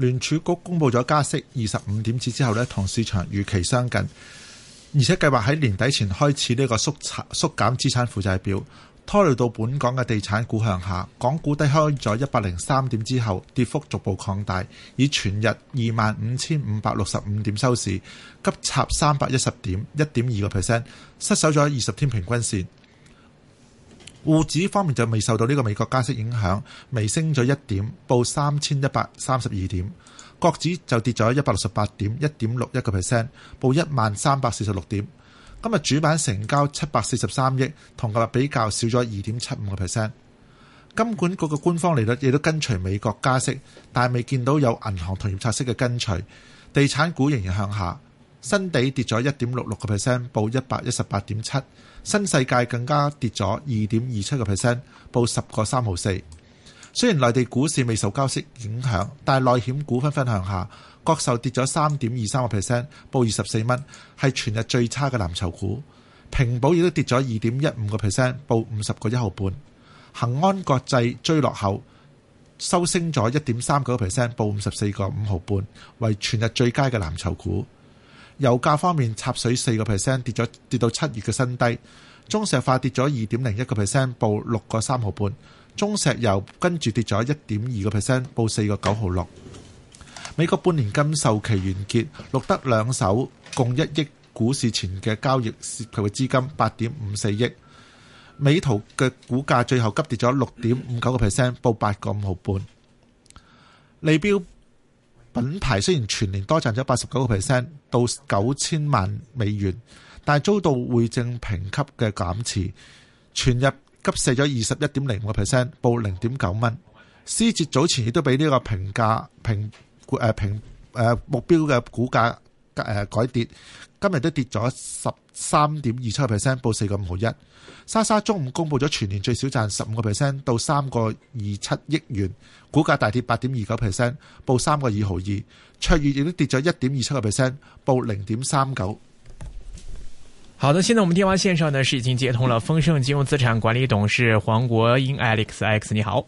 聯儲局公布咗加息二十五點子之後呢，同市場預期相近，而且計劃喺年底前開始呢個縮產縮減資產負債表，拖累到本港嘅地產股向下。港股低開咗一百零三點之後，跌幅逐步擴大，以全日二萬五千五百六十五點收市，急插三百一十點，一點二個 percent，失守咗二十天平均線。滬指方面就未受到呢個美國加息影響，微升咗一點，報三千一百三十二點。國指就跌咗一百六十八點，一點六一個 percent，報一萬三百四十六點。今日主板成交七百四十三億，同日比較少咗二點七五個 percent。金管局嘅官方利率亦都跟隨美國加息，但係未見到有銀行同業拆息嘅跟隨。地產股仍然向下。新地跌咗一點六六個 percent，報一百一十八點七。新世界更加跌咗二點二七個 percent，報十個三毫四。雖然內地股市未受交息影響，但係內險股紛紛向下各，國壽跌咗三點二三個 percent，報二十四蚊，係全日最差嘅藍籌股。平保亦都跌咗二點一五個 percent，報五十個一毫半。恒安國際追落後收升咗一點三九個 percent，報五十四個五毫半，為全日最佳嘅藍籌股。油價方面插水四個 percent，跌咗，跌到七月嘅新低。中石化跌咗二點零一個 percent，報六個三毫半。5, 中石油跟住跌咗一點二個 percent，報四個九毫六。美國半年禁售期完結，錄得兩手共一億股市前嘅交易，涉及嘅資金八點五四億。美圖嘅股價最後急跌咗六點五九個 percent，報八個五毫半。利標。品牌雖然全年多賺咗八十九個 percent 到九千萬美元，但係遭到匯證評級嘅減持，全日急跌咗二十一點零五個 percent，報零點九蚊。思捷早前亦都俾呢個評價評誒評誒、呃、目標嘅股價誒、呃、改跌。今日都跌咗十三點二七個 percent，報四個五毫一。莎莎中午公布咗全年最少賺十五個 percent，到三個二七億元，股價大跌八點二九 percent，報三個二毫二。卓越亦都跌咗一點二七個 percent，報零點三九。好的，現在我們電話線上呢是已經接通了，豐盛金融資產管理董事黃國英 Alex，Alex Alex, 你好。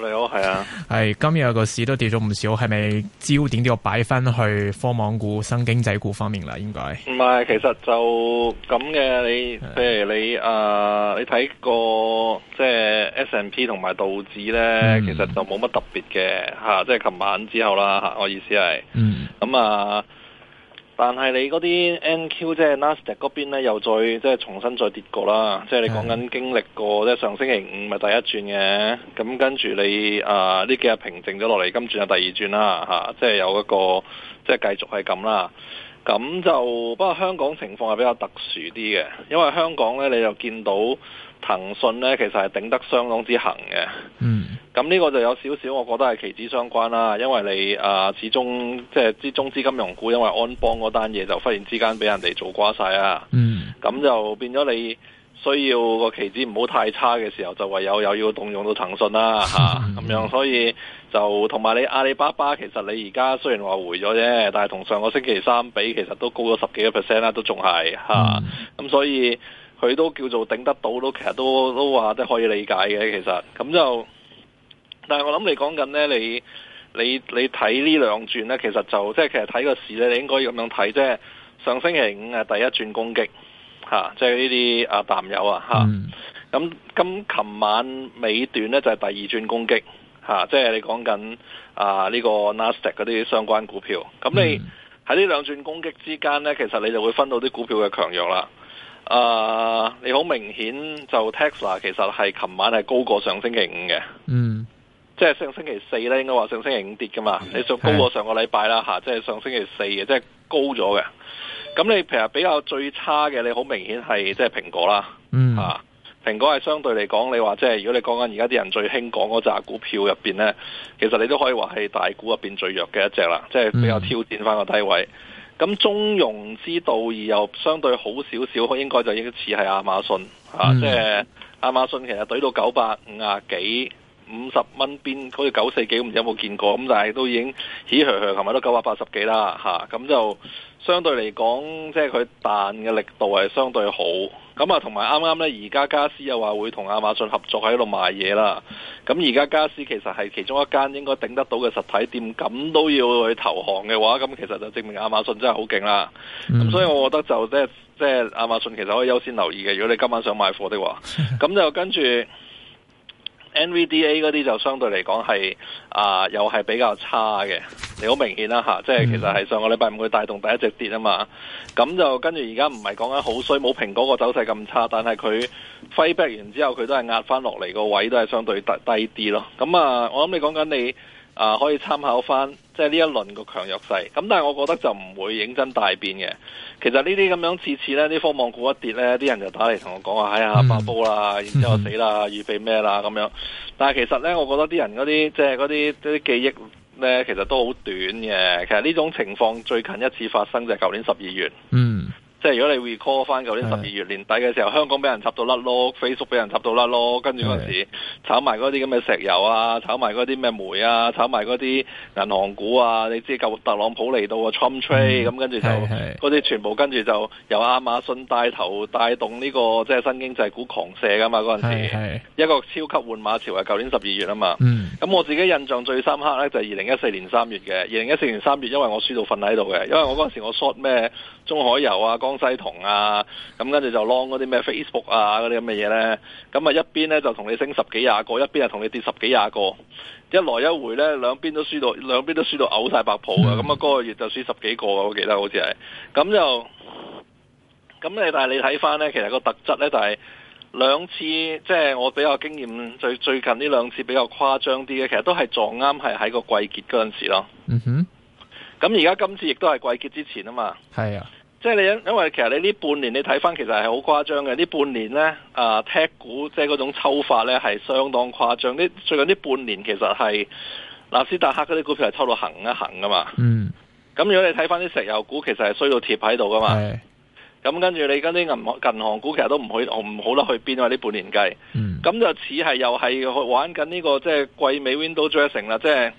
你好係啊，係 今日個市都跌咗唔少，係咪焦點都要擺翻去科網股、新經濟股方面啦？應該唔係，其實就咁嘅，你譬如你啊、呃，你睇個即係 S&P 同埋道指咧，嗯、其實就冇乜特別嘅吓，即係琴晚之後啦、啊，我意思係，咁、嗯嗯、啊。但係你嗰啲 NQ 即係 Nasdaq 嗰邊呢，又再即係重新再跌過啦。即係你講緊經歷過，即係上星期五咪第一轉嘅，咁跟住你啊呢、呃、幾日平靜咗落嚟，今轉係第二轉啦吓。即係有一個即係繼續係咁啦。咁就不過香港情況係比較特殊啲嘅，因為香港呢，你就見到。騰訊咧其實係頂得相當之行嘅，咁呢、嗯、個就有少少我覺得係期指相關啦，因為你啊、呃、始終即係之中資金融股，因為安邦嗰單嘢就忽然之間俾人哋做瓜晒啊，咁、嗯、就變咗你需要個期指唔好太差嘅時候，就唯有又要動用到騰訊啦吓，咁、啊、樣所以就同埋你阿里巴巴，其實你而家雖然話回咗啫，但係同上個星期三比，其實都高咗十幾個 percent 啦，都仲係吓，咁、啊嗯嗯、所以。佢都叫做頂得到，都其實都都話都可以理解嘅。其實咁就，但係我諗你講緊呢，你你你睇呢兩轉呢，其實就即係其實睇個市呢，你應該要咁樣睇，即係上星期五係第一轉攻擊，嚇、啊，即係呢啲啊淡友啊嚇。咁咁琴晚尾段呢，就係、是、第二轉攻擊，嚇、啊，即係你講緊啊呢、這個 Nasdaq 嗰啲相關股票。咁、嗯、你喺呢兩轉攻擊之間呢，其實你就會分到啲股票嘅強弱啦。誒，uh, 你好明顯就 Tesla 其實係琴晚係高過上星期五嘅，嗯，即係上星期四咧，應該話上星期五跌噶嘛，嗯、你仲高過上個禮拜啦吓、嗯啊，即係上星期四嘅，即係高咗嘅。咁你平日比較最差嘅，你好明顯係即係蘋果啦，嗯，吓、啊，蘋果係相對嚟講，你話即係如果你講緊而家啲人最興講嗰扎股票入邊咧，其實你都可以話係大股入邊最弱嘅一隻啦，即係比較挑戰翻個低位。嗯咁中庸之道而又相對好少少，應該就應該似係亞馬遜嚇，即係、嗯啊，就是、亞馬遜其實懟到九百五廿幾五十蚊邊，好似九四幾唔知有冇見過？咁但係都已經唏噓噓，係咪都九百八十幾啦嚇？咁、啊嗯、就相對嚟講，即係佢彈嘅力度係相對好。咁啊，同埋啱啱咧，而家家私又話會同亞馬遜合作喺度賣嘢啦。咁而家家私其實係其中一間應該頂得到嘅實體店，咁都要去投降嘅話，咁其實就證明亞馬遜真係好勁啦。咁、嗯、所以我覺得就即係即係亞馬遜其實可以優先留意嘅。如果你今晚想買貨的話，咁就跟住。 NVDA 嗰啲就相對嚟講係啊，又係比較差嘅，你好明顯啦吓、啊，即係其實係上個禮拜五會帶動第一隻跌啊嘛，咁就跟住而家唔係講緊好衰，冇蘋果個走勢咁差，但係佢 fight back 完之後，佢都係壓翻落嚟個位，都係相對低低啲咯。咁、嗯、啊，我諗你講緊你啊、呃，可以參考翻。即係呢一輪個強弱勢，咁但係我覺得就唔會認真大變嘅。其實呢啲咁樣次次呢啲科網股一跌呢，啲人就打嚟同我講話，哎呀，爆煲啦，然之後死啦，預備咩啦咁樣。但係其實呢，我覺得啲人嗰啲即係嗰啲啲記憶呢，其實都好短嘅。其實呢種情況最近一次發生就係舊年十二月。嗯即係如果你 recall 翻舊年十二月年底嘅時候，是香港俾人插到甩咯，Facebook 俾人插到甩咯，跟住嗰陣時炒埋嗰啲咁嘅石油啊，炒埋嗰啲咩煤啊，炒埋嗰啲銀行股啊，你知舊特朗普嚟到啊 Trump Trade 咁、嗯，跟住就嗰啲全部跟住就由亞馬遜帶頭帶動呢、這個即係、就是、新經濟股狂射噶嘛嗰陣時，一個超級換馬潮係舊年十二月啊嘛，咁、嗯、我自己印象最深刻咧就係二零一四年三月嘅，二零一四年三月因為我輸到瞓喺度嘅，因為我嗰陣時我 short 咩中海油啊，東西同啊，咁跟住就 long 嗰啲咩 Facebook 啊嗰啲咁嘅嘢咧，咁啊一邊咧就同你升十幾廿個，一邊啊同你跌十幾廿個，一來一回咧兩邊都輸到兩邊都輸到嘔晒白泡呀，咁啊嗰個月就輸十幾個啊，我記得好似係，咁就咁你但係你睇翻咧，其實個特質咧就係兩次，即係我比較經驗最最近呢兩次比較誇張啲嘅，其實都係撞啱係喺個季結嗰陣時咯。嗯哼，咁而家今次亦都係季結之前啊嘛。係啊。即係你因因為其實你呢半年你睇翻其實係好誇張嘅，呢半年咧啊、呃、tech 股即係嗰種抽法咧係相當誇張。啲最近呢半年其實係納斯達克嗰啲股票係抽到行一行㗎嘛。嗯。咁如果你睇翻啲石油股，其實係衰到貼喺度㗎嘛。係是。咁跟住你跟啲銀行銀行股其實都唔去唔好得去邊啊？呢半年計。咁、嗯、就似係又係玩緊呢、呢個即係季尾 window dressing 啦，即係。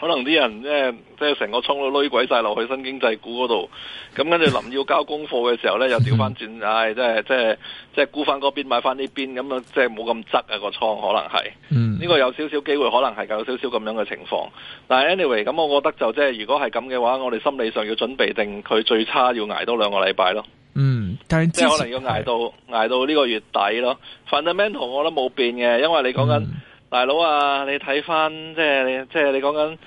可能啲人即係即係成個倉都攞鬼晒落去新經濟股嗰度，咁跟住臨要交功課嘅時候咧，又調翻轉，唉、嗯哎，即係即係即係沽翻嗰邊買翻呢邊，咁啊，即係冇咁側啊個倉可能係，呢、嗯、個有少少機會，可能係有少少咁樣嘅情況。但係 anyway，咁我覺得就即係如果係咁嘅話，我哋心理上要準備定佢最差要挨多兩個禮拜咯。嗯，即係可能要挨到挨到呢個月底咯。Fundamental 我都冇變嘅，因為你講緊。嗯大佬啊，你睇翻即係即係你講緊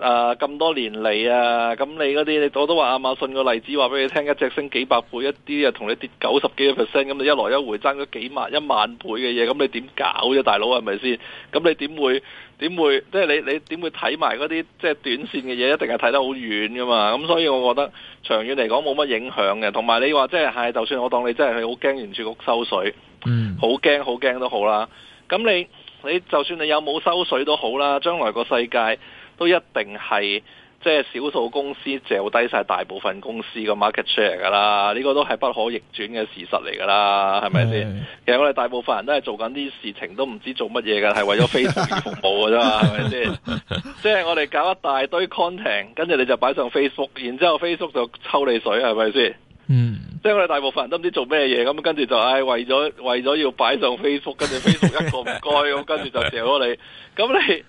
誒咁多年嚟啊，咁你嗰啲，你我都話亞馬遜個例子話俾你聽，一隻升幾百倍一啲，啊，同你跌九十幾個 percent，咁你一來一回爭咗幾萬一萬倍嘅嘢，咁你點搞啫，大佬係咪先？咁你點會點會？即係你你點會睇埋嗰啲即係短線嘅嘢？一定係睇得好遠噶嘛？咁所以我覺得長遠嚟講冇乜影響嘅。同埋你話即係，係就算我當你真係去好驚，聯儲局收水，嗯，好驚好驚都好啦。咁你。你就算你有冇收水都好啦，將來個世界都一定係即係少數公司剩低晒大部分公司個 market share 噶啦，呢個都係不可逆轉嘅事實嚟噶啦，係咪先？ 其實我哋大部分人都係做緊啲事情都唔知做乜嘢㗎，係為咗 Facebook 服務㗎啫嘛，係咪先？ 即係我哋搞一大堆 content，跟住你就擺上 Facebook，然之後 Facebook 就抽你水，係咪先？是嗯，即係我哋大部分人都唔知做咩嘢，咁跟住就，唉、哎，為咗為咗要擺上 Facebook，跟住 Facebook 一個唔該，咁 跟住就掉咗你，咁你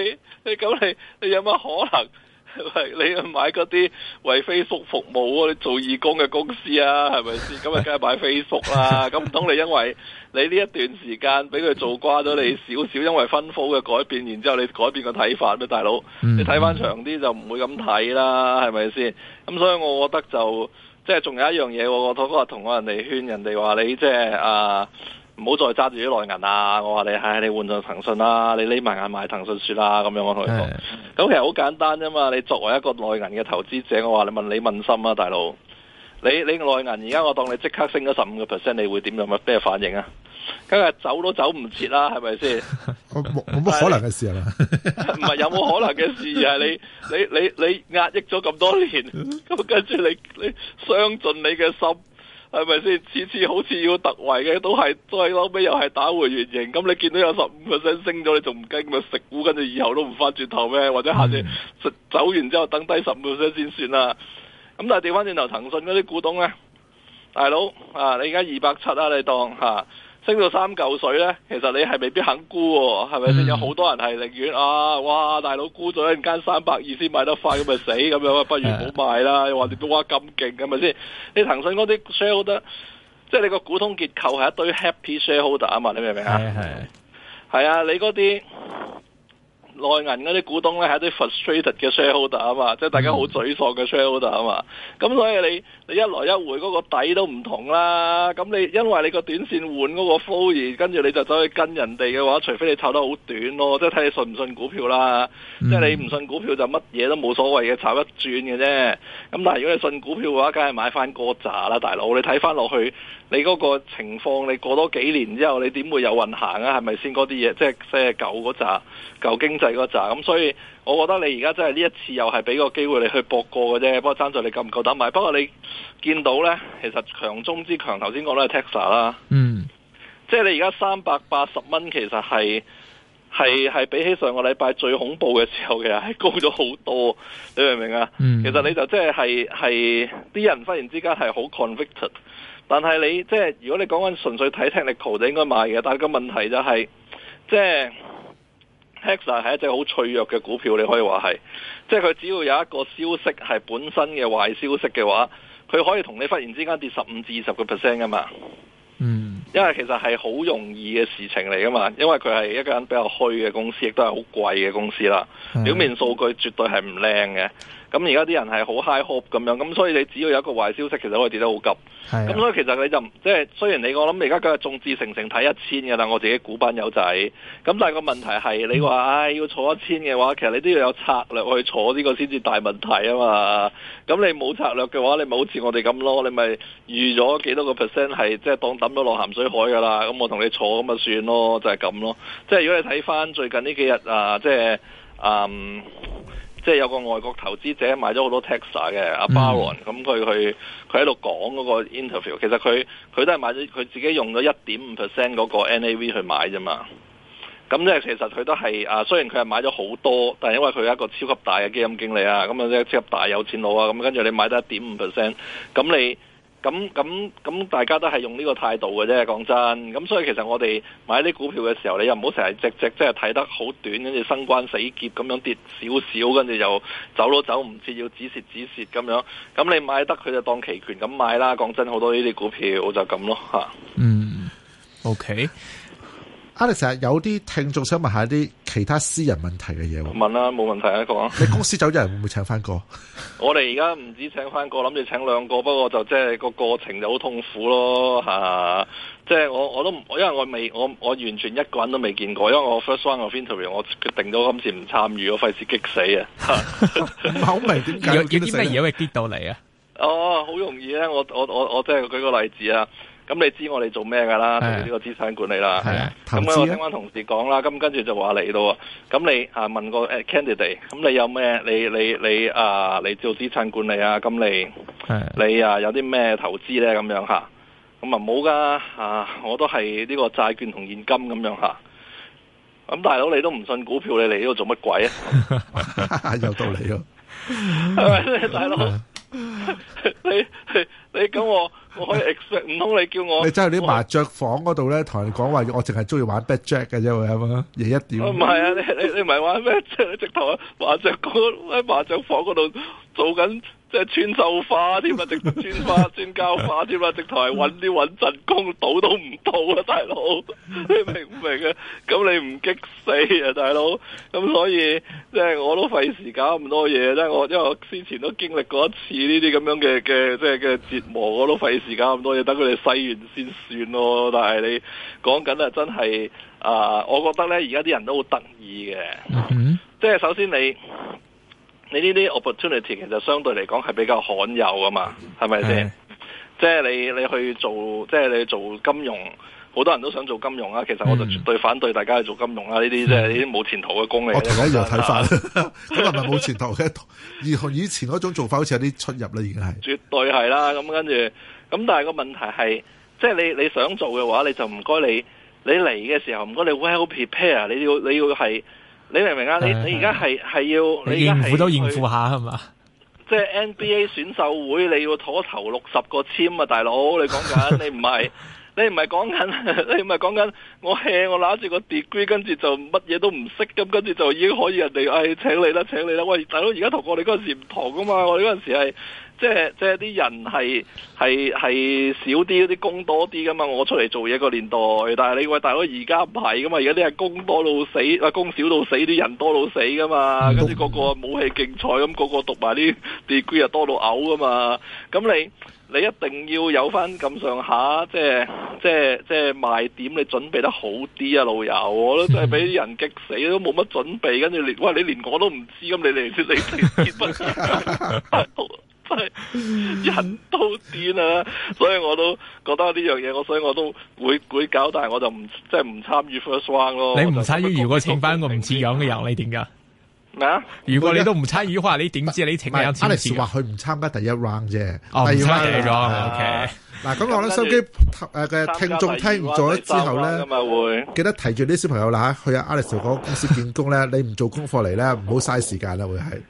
你你咁你你有乜可能？ 你買嗰啲為 Facebook 服務啊，你做義工嘅公司啊，係咪先？咁啊，梗係買 Facebook 啦。咁唔通你因為你呢一段時間俾佢做瓜咗你、嗯、少少，因為分封嘅改變，然之後你改變個睇法咩？大佬，嗯、你睇翻長啲就唔會咁睇啦，係咪先？咁所以我覺得就。即係仲有一樣嘢，我我都話同過人哋勸人哋話你即係啊，唔、呃、好再揸住啲內銀啊！我話你唉，你換咗騰訊啦，你匿埋眼買騰訊算啦咁樣我同佢講。咁其實好簡單啫嘛！你作為一個內銀嘅投資者，我話你問你問心啊，大佬。你你內銀而家我當你即刻升咗十五個 percent，你會點樣乜咩反應啊？今日走都走唔切啦，係咪先？冇冇可能嘅事啊！唔係有冇可能嘅事，啊？你你你你壓抑咗咁多年，咁跟住你你傷盡你嘅心，係咪先？次次好似要突圍嘅，都係後尾又係打回原形。咁你見到有十五個 percent 升咗，你仲唔驚咪食股？跟住以後都唔翻轉頭咩？或者下次走完之後等低十五個 percent 先算啦？嗯咁但係調翻轉頭，騰訊嗰啲股東咧，大佬啊，你而家二百七啊，你當吓升到三嚿水咧，其實你係未必肯沽，係咪先？有好多人係寧願啊，哇，大佬沽咗一陣間三百二先買得快咁咪死咁樣，不如唔好賣啦。話你都話咁勁，係咪先？你騰訊嗰啲 shareholder，即係你個股東結構係一堆 happy shareholder 啊嘛，你明唔明啊？係係啊，你嗰啲。內銀嗰啲股東咧係一啲 frustrated 嘅 shareholder 啊嘛，即係大家好沮喪嘅 shareholder 啊嘛。咁所以你你一來一回嗰個底都唔同啦。咁你因為你個短線換嗰個 flow，跟住你就走去跟人哋嘅話，除非你炒得好短咯，即係睇你信唔信股票啦。嗯、即係你唔信股票就乜嘢都冇所謂嘅，炒一轉嘅啫。咁但係如果你信股票嘅話，梗係買翻個咋啦，大佬。你睇翻落去你嗰個情況，你過多幾年之後，你點會有運行啊？係咪先嗰啲嘢？即係即係舊嗰咋舊經濟。第個咋咁，所以我覺得你而家真係呢一次又係俾個機會你去搏過嘅啫。不過，爭在你夠唔夠膽買？不過你見到呢，其實強中之強，頭先講咧係 Tesla 啦。嗯，mm. 即係你而家三百八十蚊，其實係係係比起上個禮拜最恐怖嘅時候，其實係高咗好多。你明唔明啊？Mm. 其實你就即係係啲人忽然之間係好 convicted，但係你即係如果你講緊純粹睇 technical 就應該買嘅，但係個問題就係、是、即係。Tesla 係一隻好脆弱嘅股票，你可以話係，即係佢只要有一個消息係本身嘅壞消息嘅話，佢可以同你忽然之間跌十五至二十個 percent 噶嘛。嗯，因為其實係好容易嘅事情嚟噶嘛，因為佢係一間比較虛嘅公司，亦都係好貴嘅公司啦。表面數據絕對係唔靚嘅。咁而家啲人係好 high hope 咁樣，咁所以你只要有一個壞消息，其實可以跌得好急。咁、啊、所以其實你就即係雖然你我諗，而家佢係眾志成城睇一千嘅，但我自己股板友仔。咁但係個問題係，你話唉要坐一千嘅話，其實你都要有策略去坐呢個先至大問題啊嘛。咁你冇策略嘅話，你咪好似我哋咁咯，你咪預咗幾多個 percent 係即係當抌咗落鹹水海㗎啦。咁我同你坐咁啊算咯，就係、是、咁咯。即係如果你睇翻最近呢幾日啊，即係嗯。即係有個外國投資者買咗好多 Texas 嘅阿 Baron，咁佢去佢喺度講嗰個 interview，其實佢佢都係買咗佢自己用咗一點五 percent 嗰個 NAV 去買啫嘛。咁即係其實佢都係啊，雖然佢係買咗好多，但係因為佢係一個超級大嘅基金經理啊，咁啊即係超級大有錢佬啊，咁跟住你買得一點五 percent，咁你。咁咁咁，大家都係用呢個態度嘅啫。講真，咁所以其實我哋買啲股票嘅時候，你又唔好成日只只即係睇得好短，跟住生關死劫咁樣跌少少，跟住又走都走唔切，要止蝕止蝕咁樣。咁你買得佢就當期權咁買啦。講真，好多呢啲股票我就咁咯吓。嗯，OK。阿你成日有啲聽眾想問下啲其他私人問題嘅嘢喎？問啦、啊，冇問題啊，講、啊。你公司走咗，人會唔會請返個？ 我哋而家唔止請返個，諗住請兩個，不過就即係個過程就好痛苦咯嚇。即、啊、係、就是、我我都因為我未我我完全一個人都未見過，因為我 first round of interview 我 finish 完，我決定咗今次唔參與，我費事激死啊！唔係好明，有有啲咩嘢會跌到嚟啊？哦，好、啊 oh, 容易咧、啊！我我我我即係舉個例子啊！咁你知我哋做咩噶啦？呢的個資產管理啦，咁、啊、我聽翻同事講啦，咁跟住就話你到咯。咁你啊問個誒 candidate，咁你有咩？你你你啊，你做資產管理的啊？咁你你啊有啲咩投資咧？咁樣吓，咁啊冇噶啊，我都係呢個債券同現金咁樣吓。咁大佬你都唔信股票，你嚟呢度做乜鬼啊？ 有道理咯，係 咪 哥，大佬？ 你你咁我我可以 expect 唔通你叫我？你真係你麻雀房嗰度咧，同人講話我淨係中意玩 blackjack 嘅啫，係嘛？夜一點唔係啊？你你玩 bad jack, 你唔係玩 blackjack，直頭啊麻雀喺麻雀房嗰度做緊。即係穿繡花添啊， 直穿花穿膠花添啊，直頭係揾啲穩陣工，倒都唔到啊。大佬，你明唔明啊？咁你唔激死啊，大佬。咁所以即係我都費事搞咁多嘢，即係我因為我之前都經歷過一次呢啲咁樣嘅嘅即係嘅折磨，我都費事搞咁多嘢，等佢哋洗完先算咯。但係你講緊啊，真係啊，我覺得咧而家啲人都好得意嘅，mm hmm. 即係首先你。你呢啲 opportunity 其實相對嚟講係比較罕有㗎嘛，係咪先？是是嗯、即係你你去做，即係你做金融，好多人都想做金融啊。其實我就絕對反對大家去做金融啊！呢啲即係呢啲冇前途嘅工嚟嘅。我睇又睇法啦，咁係咪冇前途嘅？以 以前嗰種做法好似有啲出入啦，已經係。絕對係啦，咁跟住，咁但係個問題係，即係你你想做嘅話，你就唔該你你嚟嘅時候唔該你 well prepare，你要你要係。你明唔明啊？你要你而家係係要你而家應付都應付下係嘛？即係 NBA 選秀會，你要妥頭六十個簽啊！大佬，你講緊你唔係 你唔係講緊你唔係講緊我 hea，我攞住個 degree，跟住就乜嘢都唔識咁，跟住就已經可以人哋誒、哎，請你啦，請你啦！喂，大佬，而家同我哋嗰陣時唔同噶嘛？我哋嗰陣時係。即係即係啲人係係係少啲啲工多啲噶嘛，我出嚟做嘢個年代。但係你喂大佬而家唔係噶嘛，而家啲係工多到死，啊工少到死，啲人多到死噶嘛。跟住個個武器競賽，咁、那個個讀埋啲 degree 又多到嘔噶嘛。咁你你一定要有翻咁上下，即係即係即係賣點，你準備得好啲啊，老友。我都真係俾啲人激死，都冇乜準備，跟住你，喂！你連我都唔知咁，你嚟你 人都癲啊！所以我都覺得呢樣嘢，我所以我都會會搞，但係我就唔即係唔參與 first round 咯。你唔參與，如果請翻個唔似樣嘅人，你點噶？咩如果你都唔參與，話你點知你請嘅人 Alex 話佢唔參加第一 round 啫，第二 round。嗱咁，我咧收機誒嘅聽眾聽完咗之後咧，記得提住啲小朋友啦去阿 Alex 嗰公司見工咧。你唔做功課嚟咧，唔好嘥時間啦，會係。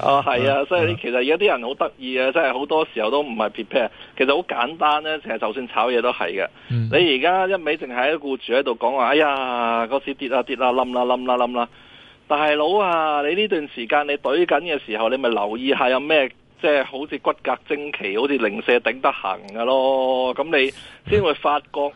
哦，係啊，所以其實而家啲人好得意啊，真係好多時候都唔係 prepare，其實好簡單咧，其實就算炒嘢都係嘅。你而家一味淨係一顧住喺度講話，哎呀，個市跌啊跌啊冧啦冧啦冧啦，大佬啊，你呢段時間你懟緊嘅時候，你咪留意下有咩即係好似骨骼精奇，好似零舍頂得行嘅咯，咁你先會發覺。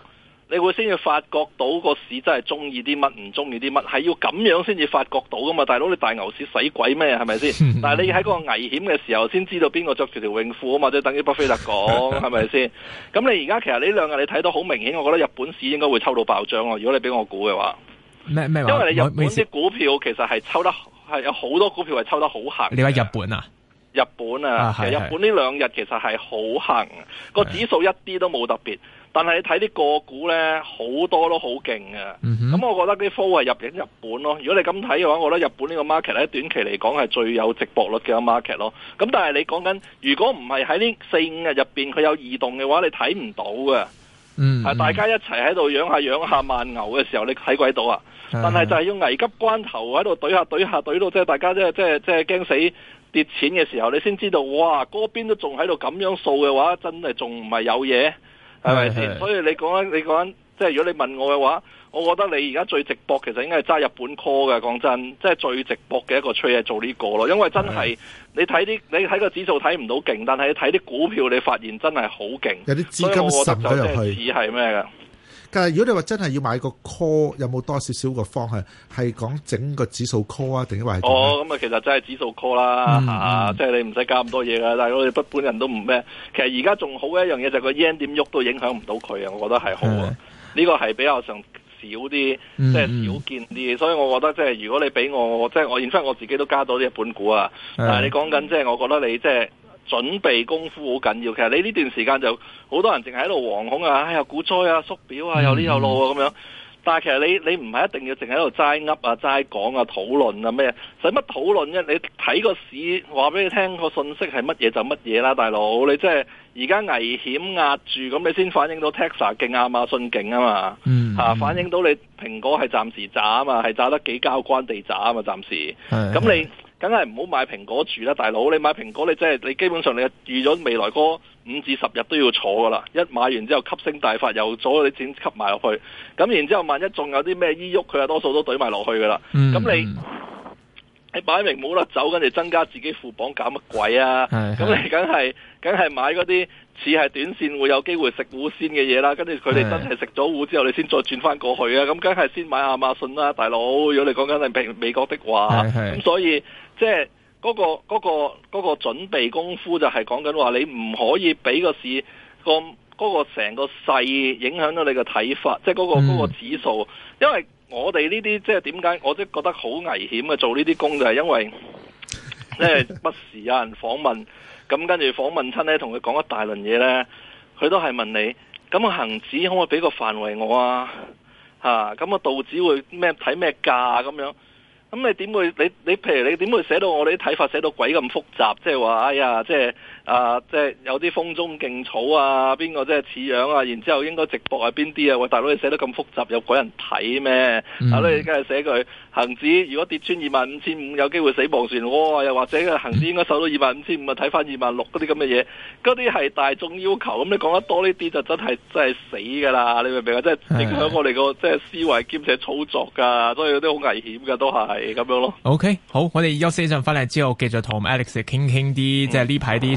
你會先至發覺到個市真係中意啲乜，唔中意啲乜，係要咁樣先至發覺到㗎嘛？大佬，你大牛市使鬼咩？係咪先？ 但係你喺個危險嘅時候先知道邊個着住條泳褲啊嘛，即等於巴菲特講，係咪先？咁 你而家其實呢兩日你睇到好明顯，我覺得日本市應該會抽到爆漲咯、啊。如果你俾我估嘅話，咩咩話？因為你日本啲股票其實係抽得係有好多股票係抽得好行。你話日本啊？日本啊，啊日本呢兩日其實係好行，個、啊、指數一啲都冇特別。但係你睇啲個股咧，好多都好勁嘅。咁我覺得啲科 o 係入緊日本咯。如果你咁睇嘅話，嗯、哼我覺得日本呢個 market 喺短期嚟講係最有值博率嘅 market 咯。咁但係你講緊，如果唔係喺呢四五日入邊佢有異動嘅話，你睇唔到嘅。嗯哼，大家一齊喺度養下養下慢牛嘅時候，你睇鬼到啊！嗯、哼但係就係要危急關頭喺度懟下懟下懟到，即係大家即係即係即係驚死跌錢嘅時候，你先知道哇！嗰邊都仲喺度咁樣掃嘅話，真係仲唔係有嘢？係咪先？是是，所以你講緊你講緊，即係如果你問我嘅話，我覺得你而家最直播其實應該係揸日本 call 嘅，講真，即係最直播嘅一個 trade 係做呢個咯。因為真係的你睇啲你睇個指數睇唔到勁，但係你睇啲股票你發現真係好勁，有啲資金滲咗入去，似係咩噶？但係如果你話真係要買個 call，有冇多少少個方向係講整個指數 call 啊？定話哦，咁啊其實真係指數 call 啦吓、嗯，即係、啊就是、你唔使加咁多嘢噶。但係我哋本本人都唔咩，其實而家仲好嘅一樣嘢就係個 yen 點喐都影響唔到佢啊。我覺得係好啊，呢、嗯、個係比較上少啲，即、就、係、是、少見啲。所以我覺得即係如果你俾我，即、就、係、是、我認識我自己都加多啲日本股啊。嗯、但係你講緊即係我覺得你即、就、係、是。準備功夫好緊要，其實你呢段時間就好多人淨係喺度惶恐啊，哎、呀，股災啊、縮表啊、有呢有路嗰、啊、咁樣。但係其實你你唔係一定要淨係喺度齋噏啊、齋講啊、討論啊咩？使乜討論啫？你睇個市，話俾你聽個信息係乜嘢就乜嘢啦，大佬。你即係而家危險壓、啊、住，咁你先反映到 Tesla 勁啊嘛，信勁啊嘛，嚇、啊、反映到你蘋果係暫時渣啊嘛，係渣得幾交關地渣啊嘛，暫時。咁的你。梗係唔好買蘋果住啦，大佬！你買蘋果，你真、就、係、是、你基本上你預咗未來嗰五至十日都要坐噶啦。一買完之後吸星大法，又咗你錢吸埋落去。咁然之後，萬一仲有啲咩依郁佢啊，多數都懟埋落去噶啦。咁、嗯、你你擺明冇得走，跟住增加自己負榜搞，搞乜鬼啊？咁你梗係梗係買嗰啲似係短線會有機會食糊先嘅嘢啦。跟住佢哋真係食咗糊之後，你先再轉翻過去啊？咁梗係先買亞馬遜啦，大佬。如果你講緊係美美國的話，咁是所以。即係嗰、那個、那個、那個準備功夫就係講緊話，你唔可以俾個市、那個嗰、那個成個勢影響到你嘅睇法，即係嗰、那個那個指數。因為我哋呢啲即係點解我即係覺得好危險嘅做呢啲工就係、是、因為，即係不時有人訪問，咁跟住訪問親咧，同佢講一大輪嘢咧，佢都係問你，咁個恆指可唔可以俾個範圍我啊？嚇、啊，咁個道指會咩睇咩價咁樣？咁你點會？你你譬如你點會寫到我哋啲睇法寫到鬼咁複雜？即係話，哎呀，即係。啊，即係有啲風中勁草啊，邊個真係似樣啊？然之後應該直播係邊啲啊？喂，大佬你寫得咁複雜，有鬼人睇咩？大佬、嗯啊、你梗係寫佢，恆指，如果跌穿二萬五千五，有機會死亡船喎、哦。又或者個恆指應該守到二萬五千五，啊，睇翻二萬六嗰啲咁嘅嘢。嗰啲係大眾要求，咁、嗯、你講得多呢啲就真係真係死㗎啦！你明唔明的啊？即係影響我哋個即係思維兼且操作㗎，所以有啲好危險㗎，都係咁樣咯。OK，好，我哋休息陣翻嚟之後，繼續同 Alex 傾傾啲即係呢排啲